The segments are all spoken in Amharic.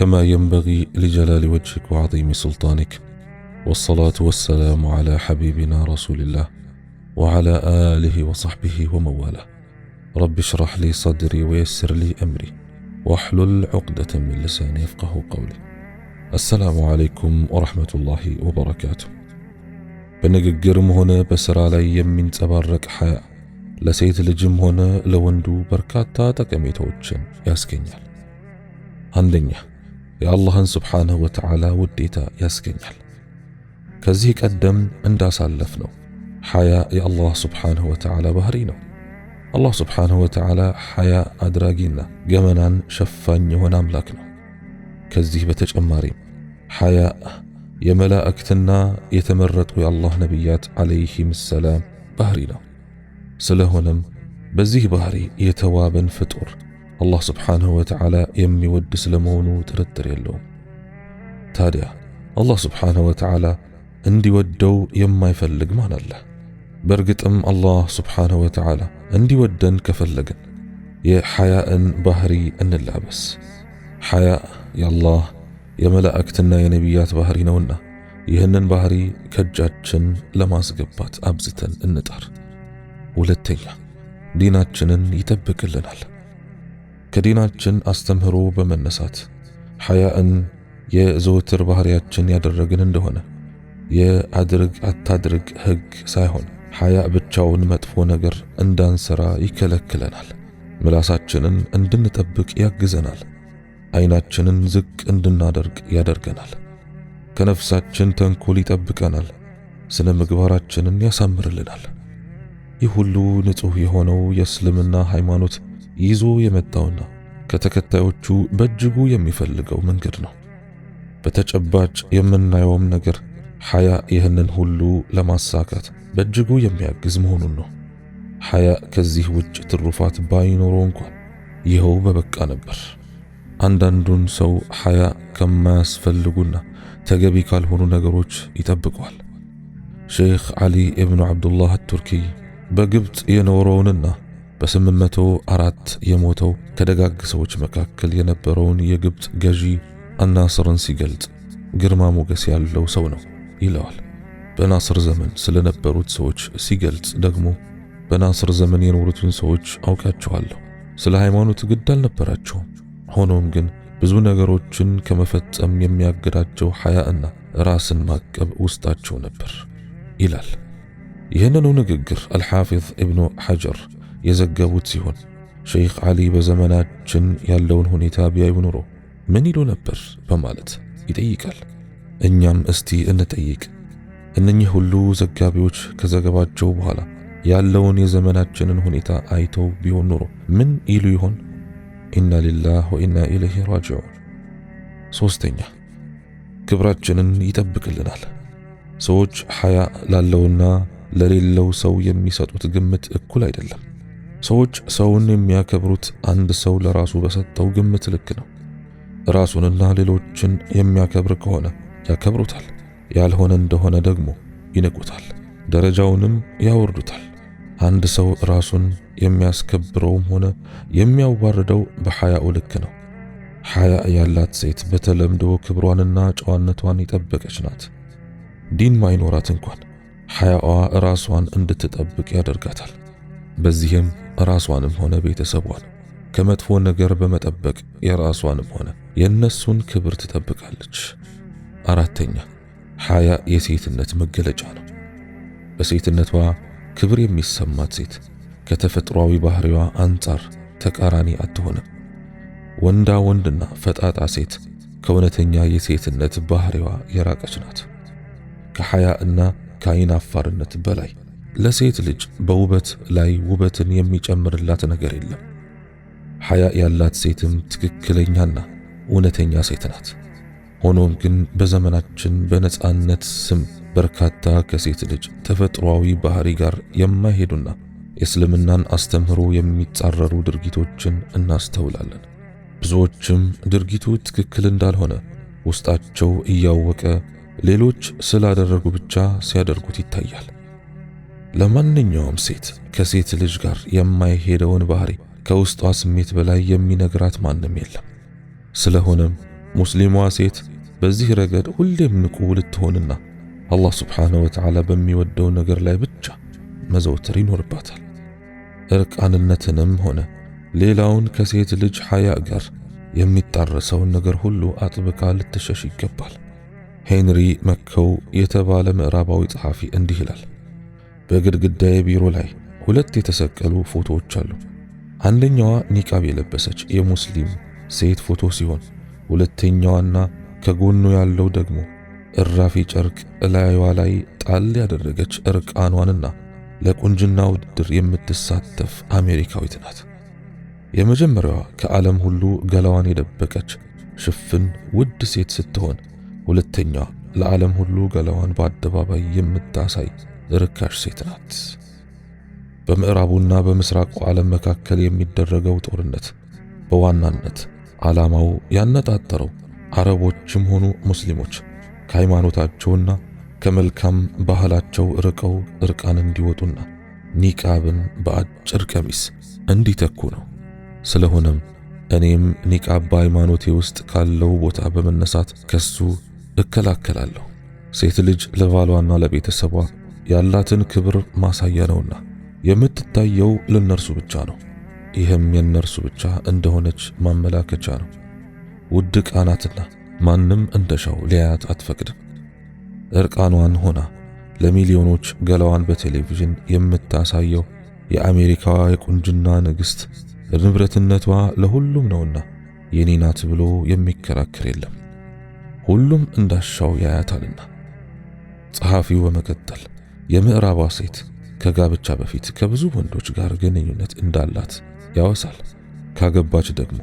كما ينبغي لجلال وجهك وعظيم سلطانك والصلاه والسلام على حبيبنا رسول الله وعلى اله وصحبه ومواله رب اشرح لي صدري ويسر لي امري واحلل عقده من لساني يفقه قولي السلام عليكم ورحمه الله وبركاته بنقرم هنا بسر على يمين تبرك حياه ለሴት ልጅም ሆነ ለወንዱ በርካታ ጠቀሜታዎችን ياسكينيال አንደኛ የአላህን ስብሓንሁ ወተዓላ ውዴታ ያስገኛል። ከዚህ ቀደም እንዳሳለፍ ነው ሐያ የአላህ ስብሓንሁ ወተዓላ ባህሪ ነው። አላህ ስብሓንሁ ወተዓላ ሐያ አድራጊና ገመናን ሸፋኝ የሆነ አምላክ ነው። ከዚህ በተጨማሪም ሐያ የመላእክትና የተመረጡ የአላህ ነቢያት ዓለይሂም ሰላም ባህሪ ነው። ስለሆነም በዚህ ባህሪ የተዋበን ፍጡር አላህ ስብሓንሁ ወተዓላ የሚወድ ስለመሆኑ ጥርጥር የለውም። ታዲያ አላህ ስብሓንሁ ወተዓላ እንዲወደው የማይፈልግ ማን አለ? በእርግጥም አላህ ስብሓንሁ ወተዓላ እንዲወደን ከፈለግን የሐያእን ባህሪ እንላበስ። ሐያ የአላህ የመላእክትና የነቢያት ባህሪ ነውና ይህንን ባህሪ ከእጃችን ለማስገባት አብዝተን እንጣር። ሁለተኛ ዲናችንን ይጠብቅልናል። ከዲናችን አስተምህሮ በመነሳት ሐያእን የዘወትር ባህሪያችን ያደረግን እንደሆነ የአድርግ አታድርግ ሕግ ሳይሆን ሐያ ብቻውን መጥፎ ነገር እንዳንሰራ ይከለክለናል። ምላሳችንን እንድንጠብቅ ያግዘናል። ዐይናችንን ዝቅ እንድናደርግ ያደርገናል። ከነፍሳችን ተንኮል ይጠብቀናል። ስነ ምግባራችንን ያሳምርልናል። ይህ ሁሉ ንጹሕ የሆነው የእስልምና ሃይማኖት ይዞ የመጣውና ከተከታዮቹ በእጅጉ የሚፈልገው መንገድ ነው። በተጨባጭ የምናየውም ነገር ሐያ ይህንን ሁሉ ለማሳካት በእጅጉ የሚያግዝ መሆኑን ነው። ሐያ ከዚህ ውጭ ትሩፋት ባይኖረው እንኳን ይኸው በበቃ ነበር። አንዳንዱን ሰው ሐያ ከማያስፈልጉና ተገቢ ካልሆኑ ነገሮች ይጠብቀዋል። ሼኽ ዓሊ ኢብኑ ዓብዱላህ አቱርኪ በግብፅ የኖረውንና በ አራት የሞተው ከደጋግ ሰዎች መካከል የነበረውን የግብፅ ገዢ አናስርን ሲገልጽ ግርማ ሞገስ ያለው ሰው ነው ይለዋል። በናስር ዘመን ስለነበሩት ሰዎች ሲገልጽ ደግሞ በናስር ዘመን የኖሩትን ሰዎች አውቃቸዋለሁ፣ ስለ ሃይማኖት ግድ አልነበራቸውም። ሆኖም ግን ብዙ ነገሮችን ከመፈጸም የሚያግዳቸው እና ራስን ማቀብ ውስጣቸው ነበር ይላል። ይህንኑ ንግግር አልሓፊዝ ኢብኑ ሐጀር የዘገቡት ሲሆን ሸይኽ ዓሊ በዘመናችን ያለውን ሁኔታ ቢያዩ ኑሮ ምን ይሉ ነበር በማለት ይጠይቃል። እኛም እስቲ እንጠይቅ። እነኚህ ሁሉ ዘጋቢዎች ከዘገባቸው በኋላ ያለውን የዘመናችንን ሁኔታ አይተው ቢሆን ኑሮ ምን ይሉ ይሆን? ኢና ሊላህ ወኢና ኢለይሂ ራጂዑን። ሶስተኛ ክብራችንን ይጠብቅልናል። ሰዎች ሐያ ላለውና ለሌለው ሰው የሚሰጡት ግምት እኩል አይደለም። ሰዎች ሰውን የሚያከብሩት አንድ ሰው ለራሱ በሰጠው ግምት ልክ ነው። ራሱንና ሌሎችን የሚያከብር ከሆነ ያከብሩታል፣ ያልሆነ እንደሆነ ደግሞ ይንቁታል፣ ደረጃውንም ያወርዱታል። አንድ ሰው ራሱን የሚያስከብረውም ሆነ የሚያዋርደው በሐያኡ ልክ ነው። ሐያ ያላት ሴት በተለምዶ ክብሯንና ጨዋነቷን የጠበቀች ናት። ዲን ማይኖራት እንኳን ሐያዋ ራሷን እንድትጠብቅ ያደርጋታል። በዚህም ራሷንም ሆነ ቤተሰቧን ከመጥፎ ነገር በመጠበቅ የራሷንም ሆነ የእነሱን ክብር ትጠብቃለች። አራተኛ ሐያ የሴትነት መገለጫ ነው። በሴትነቷ ክብር የሚሰማት ሴት ከተፈጥሯዊ ባህሪዋ አንጻር ተቃራኒ አትሆንም። ወንዳ ወንድና ፈጣጣ ሴት ከእውነተኛ የሴትነት ባህሪዋ የራቀች ናት። ከሐያ እና ከአይን አፋርነት በላይ ለሴት ልጅ በውበት ላይ ውበትን የሚጨምርላት ነገር የለም። ሐያ ያላት ሴትም ትክክለኛና እውነተኛ ሴት ናት። ሆኖም ግን በዘመናችን በነጻነት ስም በርካታ ከሴት ልጅ ተፈጥሯዊ ባህሪ ጋር የማይሄዱና የእስልምናን አስተምህሮ የሚጻረሩ ድርጊቶችን እናስተውላለን። ብዙዎችም ድርጊቱ ትክክል እንዳልሆነ ውስጣቸው እያወቀ ሌሎች ስላደረጉ ብቻ ሲያደርጉት ይታያል። ለማንኛውም ሴት ከሴት ልጅ ጋር የማይሄደውን ባህሪ ከውስጧ ስሜት በላይ የሚነግራት ማንም የለም። ስለሆነም ሙስሊሟ ሴት በዚህ ረገድ ሁሌም ንቁ ልትሆንና አላህ ስብሓነሁ ወተዓላ በሚወደው ነገር ላይ ብቻ መዘውተር ይኖርባታል። እርቃንነትንም ሆነ ሌላውን ከሴት ልጅ ሐያ ጋር የሚጣረሰውን ነገር ሁሉ አጥብቃ ልትሸሽ ይገባል። ሄንሪ መከው የተባለ ምዕራባዊ ጸሐፊ እንዲህ ይላል በግድግዳዬ ቢሮ ላይ ሁለት የተሰቀሉ ፎቶዎች አሉ። አንደኛዋ ኒቃብ የለበሰች የሙስሊም ሴት ፎቶ ሲሆን ሁለተኛዋና ከጎኑ ያለው ደግሞ እራፊ ጨርቅ እላዩዋ ላይ ጣል ያደረገች እርቃኗንና ለቁንጅና ውድድር የምትሳተፍ አሜሪካዊት ናት። የመጀመሪያዋ ከዓለም ሁሉ ገላዋን የደበቀች ሽፍን ውድ ሴት ስትሆን ሁለተኛዋ ለዓለም ሁሉ ገላዋን በአደባባይ የምታሳይ ርካሽ ሴት ናት። በምዕራቡና በምስራቁ ዓለም መካከል የሚደረገው ጦርነት በዋናነት ዓላማው ያነጣጠረው አረቦችም ሆኑ ሙስሊሞች ከሃይማኖታቸውና ከመልካም ባህላቸው ርቀው እርቃን እንዲወጡና ኒቃብን በአጭር ቀሚስ እንዲተኩ ነው። ስለሆነም እኔም ኒቃብ በሃይማኖቴ ውስጥ ካለው ቦታ በመነሳት ከሱ እከላከላለሁ። ሴት ልጅ ለባሏና ለቤተሰቧ ያላትን ክብር ማሳያ ነውና የምትታየው ለነርሱ ብቻ ነው። ይህም የነርሱ ብቻ እንደሆነች ማመላከቻ ነው። ውድ ቃናትና ማንም እንደሻው ሊያያት አትፈቅድም። እርቃኗን ሆና ለሚሊዮኖች ገላዋን በቴሌቪዥን የምታሳየው የአሜሪካዋ የቁንጅና ንግሥት ንብረትነቷ ለሁሉም ነውና የኔ ናት ብሎ የሚከራከር የለም። ሁሉም እንዳሻው ያያታልና። ጸሐፊው በመቀጠል የምዕራቧ ሴት ከጋብቻ በፊት ከብዙ ወንዶች ጋር ግንኙነት እንዳላት ያወሳል። ካገባች ደግሞ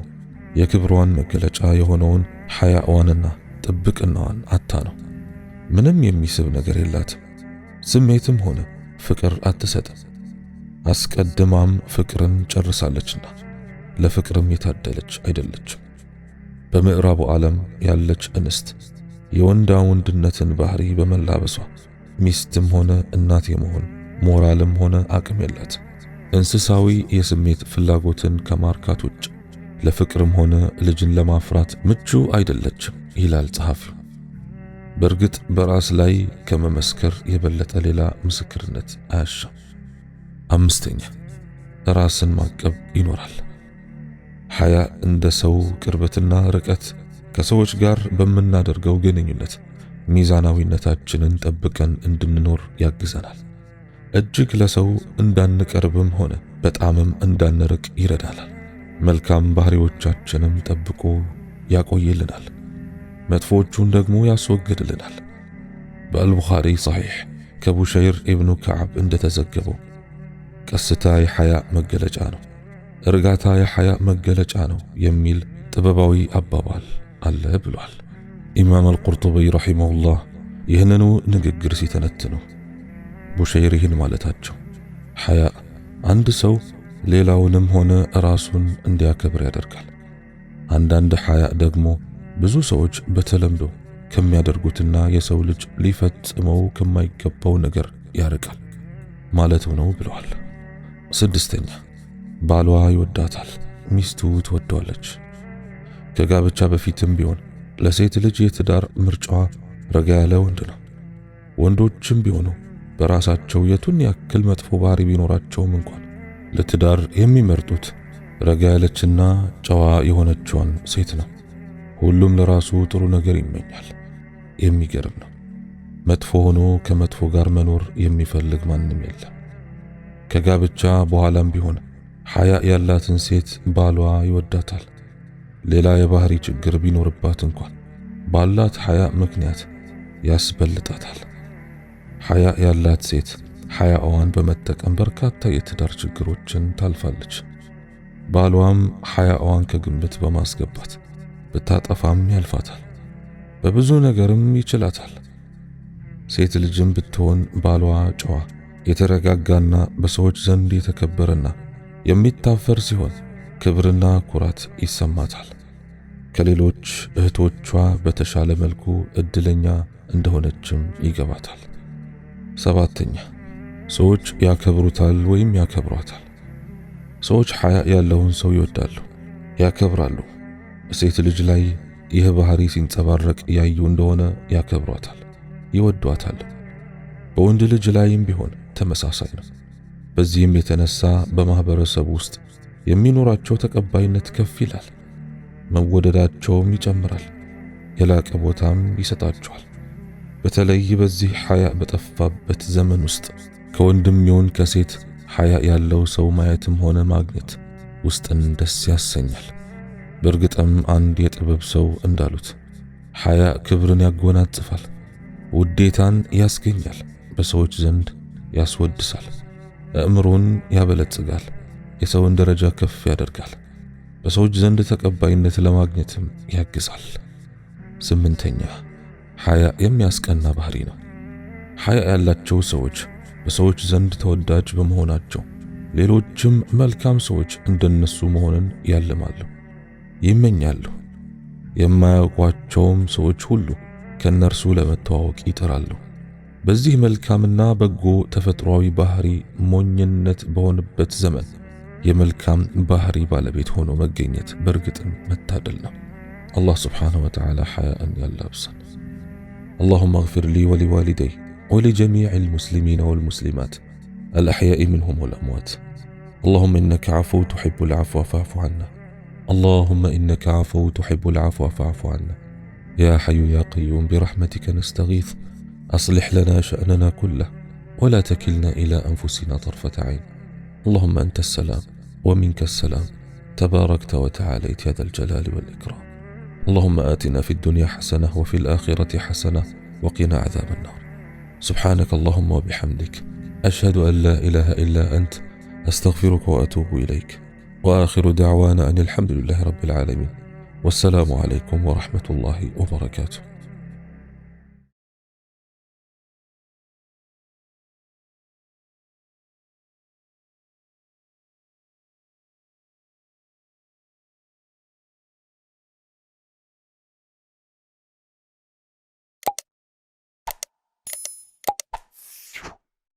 የክብሯን መገለጫ የሆነውን ሐያዋንና ጥብቅናዋን አታ ነው። ምንም የሚስብ ነገር የላትም። ስሜትም ሆነ ፍቅር አትሰጥም። አስቀድማም ፍቅርን ጨርሳለችና ለፍቅርም የታደለች አይደለችም። በምዕራቡ ዓለም ያለች እንስት የወንዳ ወንድነትን ባህሪ በመላበሷ ሚስትም ሆነ እናት የመሆን ሞራልም ሆነ አቅም የላት። እንስሳዊ የስሜት ፍላጎትን ከማርካት ውጭ ለፍቅርም ሆነ ልጅን ለማፍራት ምቹ አይደለችም ይላል ጸሐፊው። በእርግጥ በራስ ላይ ከመመስከር የበለጠ ሌላ ምስክርነት አያሻም። አምስተኛ ራስን ማቀብ ይኖራል። ሐያ እንደ ሰው ቅርበትና ርቀት፣ ከሰዎች ጋር በምናደርገው ግንኙነት ሚዛናዊነታችንን ጠብቀን እንድንኖር ያግዘናል። እጅግ ለሰው እንዳንቀርብም ሆነ በጣምም እንዳንርቅ ይረዳናል። መልካም ባህሪዎቻችንም ጠብቆ ያቆይልናል፣ መጥፎቹን ደግሞ ያስወግድልናል። በአልቡኻሪ ሰሒሕ ከቡሸይር ኢብኑ ከዓብ እንደተዘገበው ቀስታ የሐያእ መገለጫ ነው፣ እርጋታ የሐያእ መገለጫ ነው የሚል ጥበባዊ አባባል አለ ብሏል። ኢማም አልቁርጡብይ ረሒመሁላህ ይህንኑ ንግግር ሲተነትኑ ቡሸይር ይህን ማለታቸው ሐያ አንድ ሰው ሌላውንም ሆነ ራሱን እንዲያከብር ያደርጋል። አንዳንድ ሐያ ደግሞ ብዙ ሰዎች በተለምዶ ከሚያደርጉትና የሰው ልጅ ሊፈጽመው ከማይገባው ነገር ያርቃል ማለት ነው ብለዋል። ስድስተኛ ባሏ ይወዳታል፣ ሚስቱ ትወደዋለች። ከጋብቻ በፊትም ቢሆን ለሴት ልጅ የትዳር ምርጫዋ ረጋ ያለ ወንድ ነው። ወንዶችም ቢሆኑ በራሳቸው የቱን ያክል መጥፎ ባህሪ ቢኖራቸውም እንኳን ለትዳር የሚመርጡት ረጋ ያለችና ጨዋ የሆነችውን ሴት ነው። ሁሉም ለራሱ ጥሩ ነገር ይመኛል። የሚገርም ነው። መጥፎ ሆኖ ከመጥፎ ጋር መኖር የሚፈልግ ማንም የለም። ከጋብቻ በኋላም ቢሆን ሐያ ያላትን ሴት ባሏ ይወዳታል። ሌላ የባህሪ ችግር ቢኖርባት እንኳን ባላት ሐያ ምክንያት ያስበልጣታል። ሐያ ያላት ሴት ሐያዋን በመጠቀም በርካታ የትዳር ችግሮችን ታልፋለች። ባሏም ሐያዋን ከግምት በማስገባት ብታጠፋም ያልፋታል፣ በብዙ ነገርም ይችላታል። ሴት ልጅም ብትሆን ባሏ ጨዋ፣ የተረጋጋና በሰዎች ዘንድ የተከበረና የሚታፈር ሲሆን ክብርና ኩራት ይሰማታል። ከሌሎች እህቶቿ በተሻለ መልኩ እድለኛ እንደሆነችም ይገባታል። ሰባተኛ ሰዎች ያከብሩታል ወይም ያከብሯታል። ሰዎች ሐያ ያለውን ሰው ይወዳሉ፣ ያከብራሉ። ሴት ልጅ ላይ ይህ ባህሪ ሲንጸባረቅ ያዩ እንደሆነ ያከብሯታል፣ ይወዷታል። በወንድ ልጅ ላይም ቢሆን ተመሳሳይ ነው። በዚህም የተነሳ በማኅበረሰብ ውስጥ የሚኖራቸው ተቀባይነት ከፍ ይላል። መወደዳቸውም ይጨምራል፣ የላቀ ቦታም ይሰጣቸዋል። በተለይ በዚህ ሐያ በጠፋበት ዘመን ውስጥ ከወንድም ይሁን ከሴት ሐያ ያለው ሰው ማየትም ሆነ ማግኘት ውስጥን ደስ ያሰኛል። በእርግጥም አንድ የጥበብ ሰው እንዳሉት ሐያ ክብርን ያጎናጽፋል፣ ውዴታን ያስገኛል፣ በሰዎች ዘንድ ያስወድሳል፣ አእምሮን ያበለጽጋል፣ የሰውን ደረጃ ከፍ ያደርጋል። በሰዎች ዘንድ ተቀባይነት ለማግኘትም ያግዛል። ስምንተኛ ሐያ የሚያስቀና ባህሪ ነው። ሐያ ያላቸው ሰዎች በሰዎች ዘንድ ተወዳጅ በመሆናቸው ሌሎችም መልካም ሰዎች እንደነሱ መሆንን ያልማሉ፣ ይመኛሉ። የማያውቋቸውም ሰዎች ሁሉ ከእነርሱ ለመተዋወቅ ይጥራሉ። በዚህ መልካምና በጎ ተፈጥሯዊ ባህሪ ሞኝነት በሆነበት ዘመን የመልካም ባህሪ ባለቤት ሆኖ መገኘት በእርግጥም መታደል ነው። አላህ ስብሓንሁ ወተዓላ ሐያእን ያላብሰን። አላሁመ እግፊር ሊ ولجميع المسلمين والمسلمات الأحياء منهم والأموات اللهم إنك عفو تحب العفو فاعف عنا اللهم إنك عفو تحب العفو فاعف عنا يا حي يا قيوم برحمتك نستغيث أصلح لنا شأننا كله ولا تكلنا إلى أنفسنا طرفة عين اللهم أنت السلام ومنك السلام تباركت وتعاليت يا ذا الجلال والإكرام اللهم آتنا في الدنيا حسنة وفي الآخرة حسنة وقنا عذاب النار سبحانك اللهم وبحمدك أشهد أن لا إله إلا أنت أستغفرك وأتوب إليك وآخر دعوانا أن الحمد لله رب العالمين والسلام عليكم ورحمة الله وبركاته